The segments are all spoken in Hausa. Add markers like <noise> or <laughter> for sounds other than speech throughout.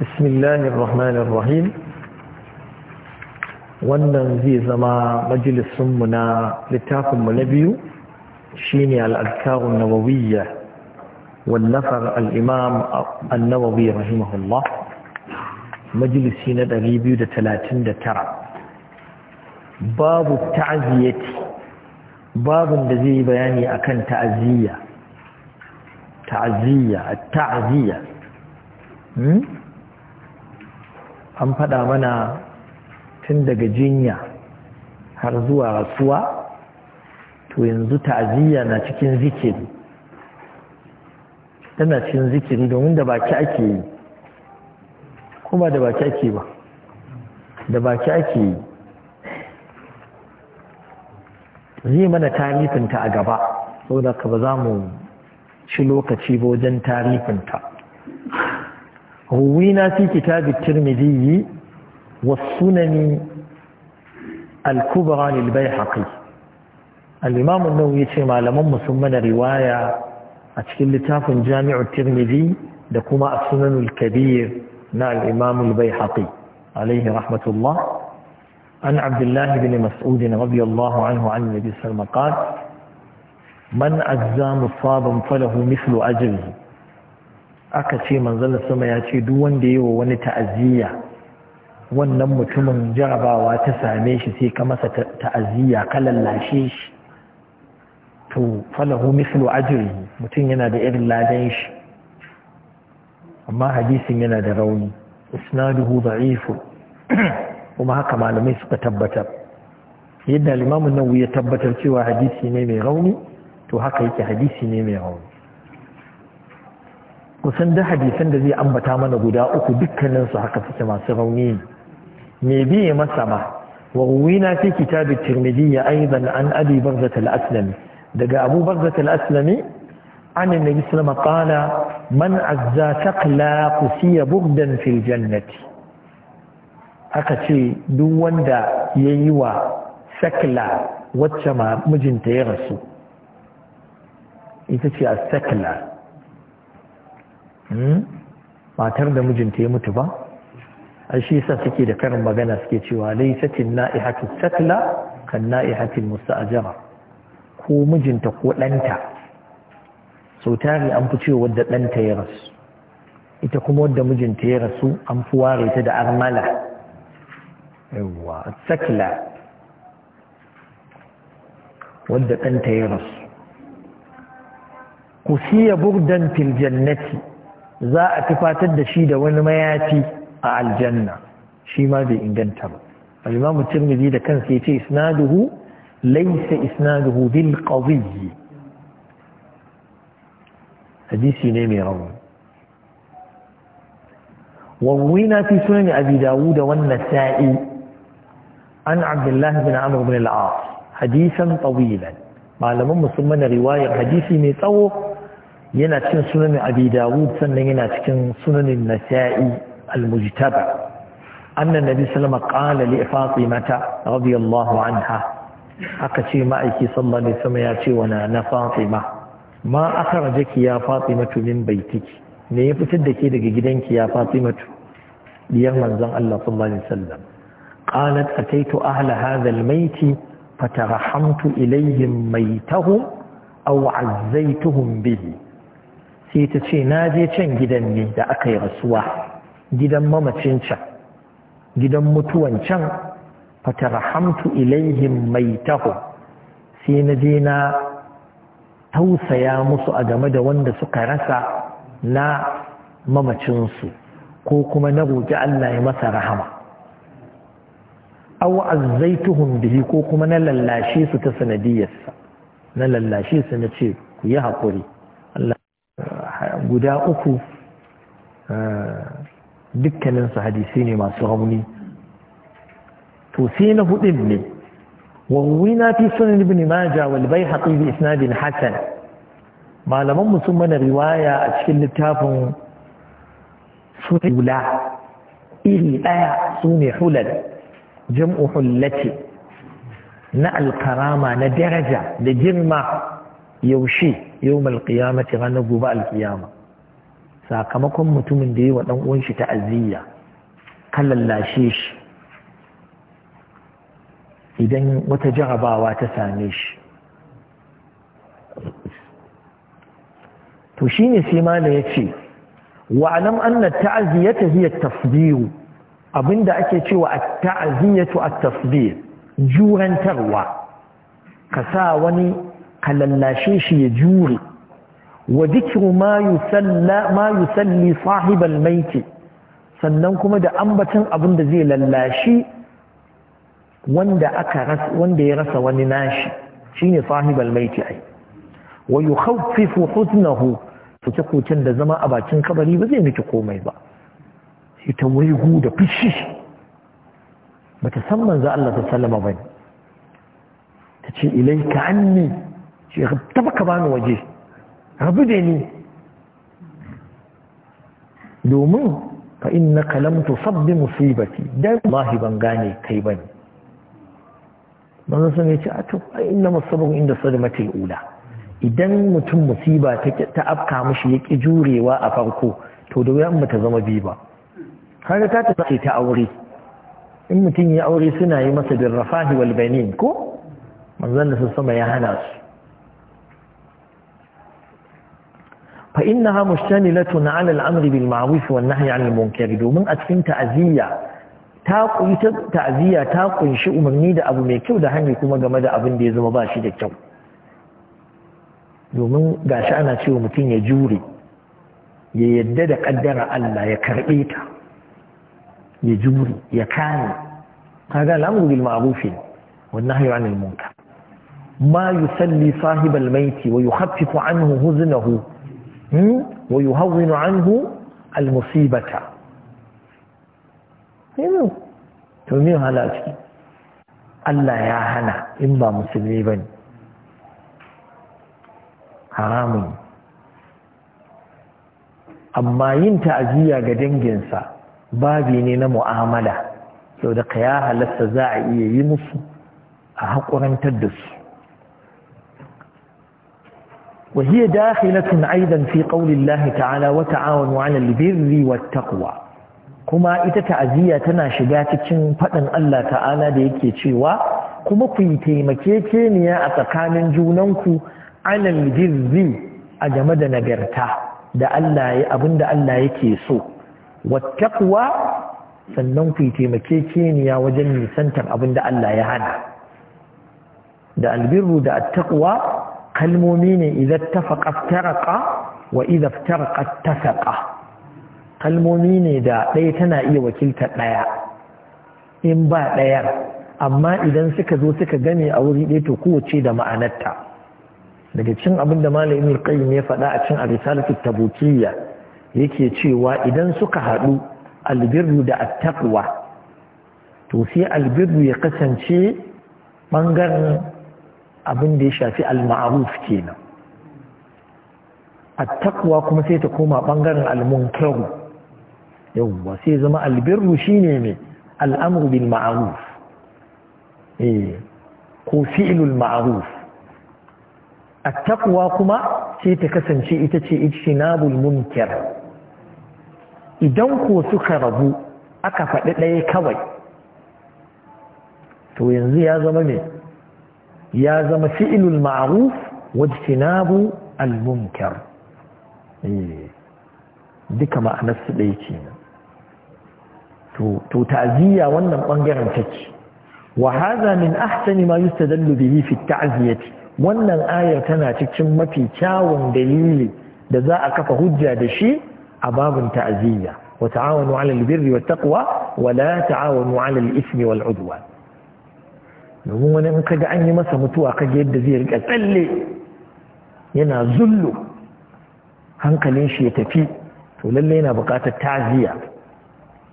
بسم الله الرحمن الرحيم wannan zai zama majalisunmu na littafinmu na biyu shine al'adkarun nawawiyya wallafar al'imam annawawiyya rahimahullah majalisi na 239 babu ta'aziyyati babin da zai yi bayani akan ta'aziyya ta'aziyya ta'ziya taaziyya an faɗa mana tun daga jinya har zuwa rasuwa to yanzu ta'aziyya na cikin zikiri tana cikin zikiri domin da baki ake yi kuma da baki ake ba da baki ake yi zai mana tarifinta a gaba saboda ka ba za mu ci lokaci wajen tarihinta ruwina fi kitab tirmidhi والسنن الكبرى للبيحقي الإمام النووي يتشمع لمن مسمنا رواية أتشكل لتاف جامع الترمذي لكما السنن الكبير مع الإمام البيحقي عليه رحمة الله عن عبد الله بن مسعود رضي الله عنه عن النبي صلى الله عليه وسلم قال man ajza musaban falahu mislu ajrihi aka ce manzon sama ya ce duk wanda yi wa wani ta'aziyya wannan mutumin jarabawa ta same shi sai ka masa ta'aziyya ka lallashe shi to falahu mislu ajrihi mutum yana da irin ladan shi amma hadisin yana da rauni isnaduhu da'ifu <clears throat> kuma haka malamai suka tabbatar yadda limamin nawawi ya tabbatar cewa hadisi ne mai rauni to haka yake hadisi ne mai hau kusan da hadisan da zai ambata mana guda uku dukkanin haka suke masu rauni ne biye masa ba wa wina fi kitab at-tirmidhi ya aidan an abi barzat al-aslami daga abu barzat al-aslami an annabi sallallahu alaihi wasallam qala man azza taqla qusiya bughdan fil Haka ce duk wanda yayi wa sakla wacce ma mijinta ya rasu ita ce a sakla hmm? matar da mijinta ya mutu ba a shi sa suke da karin magana suke cewa laisatin na'ihatu sakla kan a musta'ajara ko mijinta ko ɗanta sau tari an fi cewa wadda ɗanta ya rasu ita kuma wadda mijinta ya rasu an fi ware ta da armala yawwa sakla wadda ɗanta ya rasu kusiya burdan fil jannati za a tufatar da shi da wani mayafi a aljanna shi ma bai inganta ba al-imamu tirmidhi da kansa yace isnaduhu laysa isnaduhu bil qawiyyi hadisi ne mai rauni وروينا في سنن أبي داود والنسائي عن عبد الله بن عمرو بن العاص حديثا طويلا معلم مسلمنا رواية حديثي ميتو yana cikin sunanin abi dawud sannan yana cikin sunanin nasa'i al-mujtaba annan nabi sallama qala li fatimata radiyallahu anha aka ce ma'aiki sallallahu alaihi wasallam ya ce wana na fatima ma akhrajaki ya fatimatu min baitiki me ya fitar da ke daga gidanki ya fatimatu diyar manzon Allah sallallahu alaihi wasallam qalat ataitu ahla hadha al-mayti fatarahamtu ilayhim maytahum aw azzaytuhum bihi sai ta ce na je can gidan ne da aka yi rasuwa gidan mamacin can gidan mutuwan can ilaihin ilaihim taho sai na je na tausaya musu a game da wanda suka rasa na mamacinsu ko kuma na roƙi Allah ya masa rahama aw azzaituhum bihi ko kuma na lallashe su ta sanadiyarsa na lallashe su na ce ku yi haƙuri Allah guda uku eh, dukkaninsu hadisai ne masu rauni to sai na hudun ne وروينا في سنن ابن ماجه والبيهقي Isnadin حسن malaman mu sun mana riwaya a cikin littafin sura hula iri ɗaya su ne hulal jam'u hullati na alkarama na daraja da girma yaushe yawmal ta ranar gobe alkiyama sakamakon mutumin da yi wa dan uwan shi ta'aziyya kan lallashe shi idan wata jarabawa ta same shi to shine sai malam yace wa'lam anna ta'ziyata ta at-tasbir abinda ake cewa a taziyatu a tasbir jurantarwa ka sa wani ka lallashe shi ya jure wa zikiru ma salli sahibal maiti sannan kuma da ambatan abin da zai lallashi wanda ya rasa wani nashi shine sahibal maiti ai wa yukhaffifu huznahu kuce kucin da zama a bakin kabari ba zai miki komai ba ita waigu da fishi bata san manzo Allah sallallahu alaihi wasallam bane tace ilayka anni ce taba ka bani waje rabu da ni domin fa inna kalam tusabbi musibati dan wallahi ban gane kai bane manzo sun yace a inna masabu inda sadmati ula idan mutum musiba ta afka mishi yake jurewa a farko to da ba ta zama bi ba har ta tafi ta aure in mutum ya aure suna yi masa bin rafahi wal banin ko manzon da sama ya hana su فإنها مشتملة على الأمر بالمعروف والنهي عن المنكر دومن أتفن تأذية تاقوي تأذية تاقوي شيء من نيد أبو ميكيو ده هنجي كما جمد أبن دي زمباشي دي كو دومن غاشانا شيء ومتين يجوري ييدد قدر الله يكرئيتا يجوري يكان هذا الأمر بالمعروف والنهي عن المنكر ما يسلي صاحب الميت ويخفف عنه هزنه Hmm? ويهون عنه المصيبة ينو تومين هلاكي Allah ya hana in ba musulmi bane. haramun amma yin ta'aziya ga danginsa babi ne na mu'amala sau da ka ya halatta za a iya yi musu a haƙurantar da su وهي داخلة أيضا في قول الله تعالى وتعاونوا على البر والتقوى كما إتتعزية تناشقاتك فأن الله تعالى ديكي تشيوا كما كنتي مكيكينيا أتقان جونانك على البر أجمد نقرتا da Allah ya abin da Allah yake so wattaqwa sannan ku taimake keniya wajen nisantar abin da Allah ya hana da albirru da attaqwa kalmomi ne idan tafaqa taraka wa idan taraka tafaqa kalmomi ne da ɗaya tana iya wakiltar ɗaya in ba ɗayar amma idan suka zo suka game a wuri ɗaya to kowace da ma'anarta daga cin abin da malamin alƙayyim ya faɗa a cin arisalatu tabukiyya yake cewa idan suka haɗu albirru da attaqwa to sai albirru ya kasance ɓangaren abin da ya shafi al-ma'ruf kenan at-taqwa kuma sai ta koma bangaren al-munkaru yawa sai zama al-birru shine ne al-amru bil ma'ruf eh ko fi'lul ma'ruf at-taqwa kuma sai ta kasance ita ce ijtinabul munkar idan ko suka rabu aka faɗi ɗaya kawai to yanzu ya zama mai. ya zama fi'ilul ma'ruf wajtinabu al-munkar duka ma'anar su ɗaya ce to ta'aziyya wannan ɓangaren take wa haza min ahsani ma dan bihi fi ta'ziyati wannan ayar tana cikin mafi kyawun dalili da za a kafa hujja da shi a babin ta'aziyya wa ta'awanu 'alal birri wat wala wa la ta'awanu 'alal ismi wal 'udwan domin wani in kaga an yi masa mutuwa kaga yadda zai riƙe tsalle yana zullu hankalin shi ya tafi to lalle yana bukatar taziya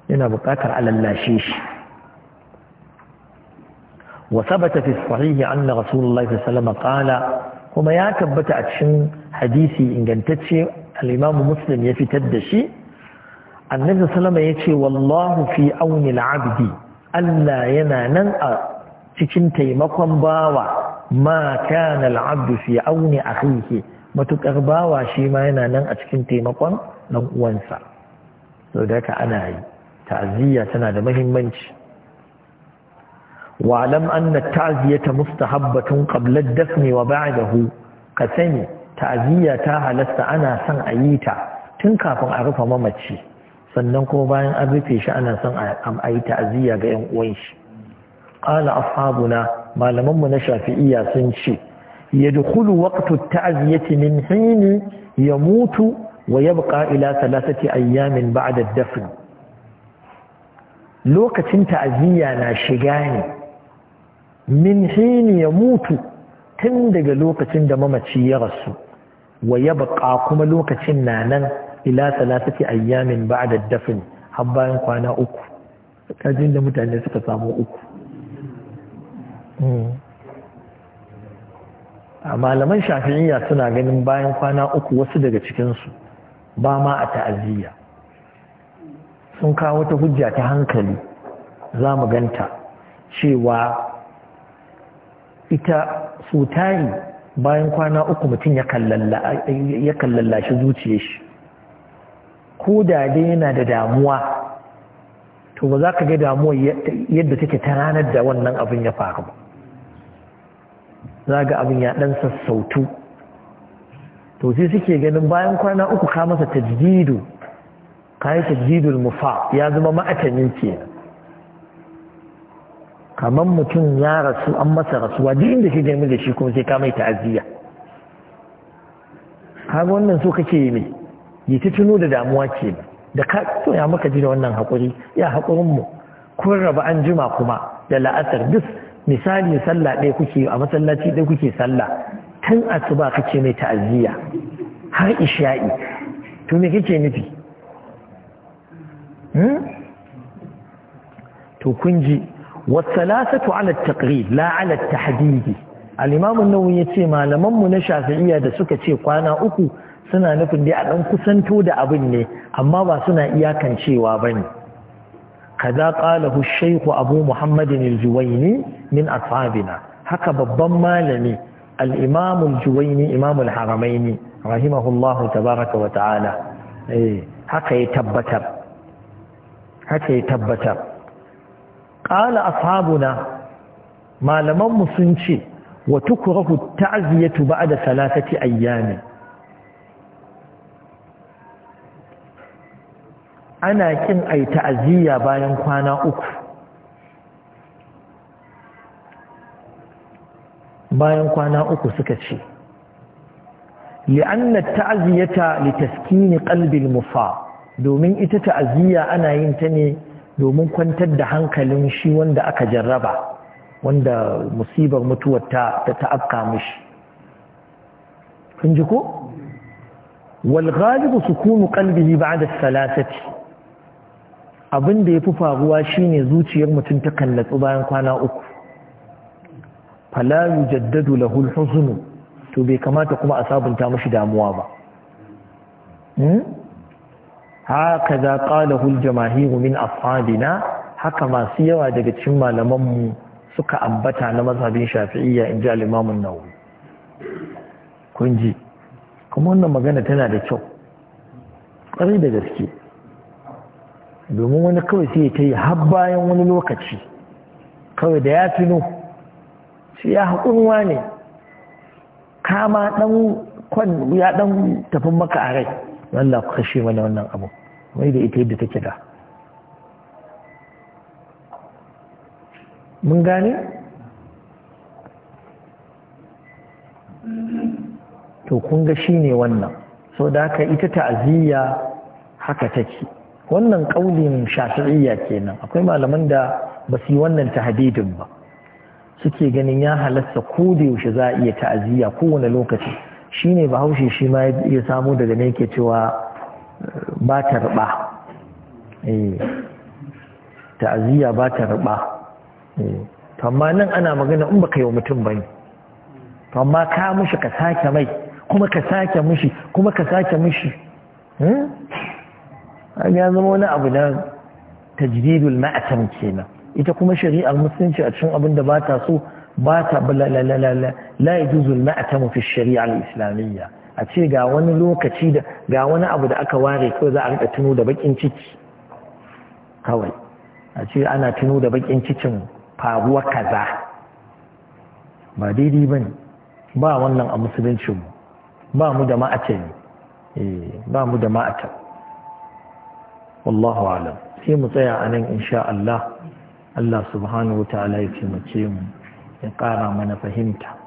yana bukatar alalashe shi wa sabata fi anna rasulullahi sallallahu alaihi wasallam kuma ya tabbata a cikin hadisi ingantacce al-imam muslim ya fitar da shi annabi sallallahu alaihi wasallam yace wallahu fi auni abdi Allah yana nan a cikin taimakon bawa ma kana al'abdu fi auni akhihi matukar bawa shi ma yana nan a cikin taimakon dan uwansa to da ka ana yi ta'aziyya tana da muhimmanci wa lam anna ta'ziyata mustahabbatun qabla ad-dafn wa ba'dahu ka sani ta'aziyya ta halasta ana son a yi ta tun kafin a rufe mamaci sannan kuma bayan an rufe shi ana son a yi ta'aziyya ga 'yan uwan shi qala ashabuna malaman mu na shafi'iyya sun ce yadkhulu waqtu at-ta'ziyati min ya yamutu wa yabqa ila thalathati ayyamin ba'da ad-dafn lokacin ta'aziyya na shiga ne min hin yamutu tun daga lokacin da mamaci ya rasu wa baƙa kuma lokacin na nan ila thalathati ayyamin ba'da ad-dafn har bayan kwana uku kajin da mutane suka samu uku Hmm. a malaman shafi'iyya suna ganin bayan kwana uku wasu daga cikinsu ba ma a ta'aziyya sun kawo ta hujja ta hankali za mu ganta cewa ita su tari bayan kwana uku mutum ya shi zuciya shi ko da dai yana da damuwa to ba za ka ga damuwa yadda take ta ranar da wannan abin ya faru ba za ga abin ya ɗan sassautu to sai suke ganin bayan kwana uku ka masa tajdidu ka yi tajjidul mufa ya zama ma'atanin ke kamar mutum ya rasu an masa rasuwa duk inda shi jami da shi kuma sai ka mai ta'aziyya kaga wannan so kake yi mai yi ta tuno da damuwa ke da ka so ya maka ji da wannan haƙuri ya haƙurinmu mu kun raba an jima kuma da la'asar duk misali sallah ɗaya kuke a masallaci ɗaya kuke sallah tun asuba kake mai ta'aziyya har isha'i to me kake nufi hmm? to kun ji wasalasatu ala taqrib la ala tahdidi al-imam an-nawawi yace malaman mu na shafi'iyya da suka ce kwana uku suna nufin dai a ɗan kusanto da abin ne amma ba suna iyakancewa bane kaza qalahu shaykh abu muhammadin al min ashabina haka babban malami al-imam al-juwayni Juwaini, al haramaini rahimahullah tabaraka wa ta'ala eh, haka ya tabbatar haka ya tabbatar ƙala ashabuna malaman mu sun ce wa tukrahu ta'ziyatu da thalathati ayyami. ana kin ai ta'aziyya bayan kwana uku bayan kwana uku suka ce li'anna ta'aziyata litaskini qalbil mufa domin ita ta'aziyya ana yin ta ne domin kwantar da hankalin shi wanda aka jarraba wanda musibar mutuwar ta ta'abka mishi kun ji ko wal ghalibu sukunu qalbihi ba'da salatati abin da ya fi faruwa shine zuciyar mutum ta kallatsu bayan kwana uku fala jaddadu lahu al to bai kamata kuma a sabunta mashi damuwa ba hmm? haka za qalahu al-jamaahir min haka masu yawa daga cikin malamanmu suka ambata na mazhabin shafi'iyya in ji alimamun an kun ji kuma wannan magana tana da kyau ƙwarai da gaske domin wani kawai sai ta yi har bayan wani lokaci kawai da ya tuno sai ya haƙunwa ne kama ɗan kwan ya ɗan tafin maka a rai wanda ku kashe mana wannan abu mai da ita yadda take da mun gane to kun ga shi ne wannan sau da haka ita ta'aziyya haka take wannan ƙaunin shafi'iyya kenan akwai malaman da ba su yi wannan tahdidin ba suke ganin ya halasta ko da yaushe za a iya ta'aziyya kowane lokaci shine bahaushe shi ma ya samu daga ne ke cewa eh, ba ta riba eh, ta'aziyya ba ta riba eh, amma nan ana magana in baka yi wa mutum ba ne amma ka mushi ka sake mai kuma ka sake mushi kuma ka sake mushi hmm? ya zama wani abu na tajdidul ma'atam kenan ita kuma shari'ar musulunci a cikin abin da ba ta so ba ta la la la la la yajuzul ma'atam fi shari'a al-islamiyya a ce ga wani lokaci da ga wani abu da aka ware ko za a rika tuno da bakin ciki kawai a ce ana tuno da bakin cikin faruwa kaza ba daidai ba ne, ba wannan a musulunci mu eh, ba mu da ma'atam ba mu da ma'atami wallahu alam sai mu tsaya a nan insha Allah Allah subhanahu wa ta'ala ya taimake mu ya ƙara mana fahimta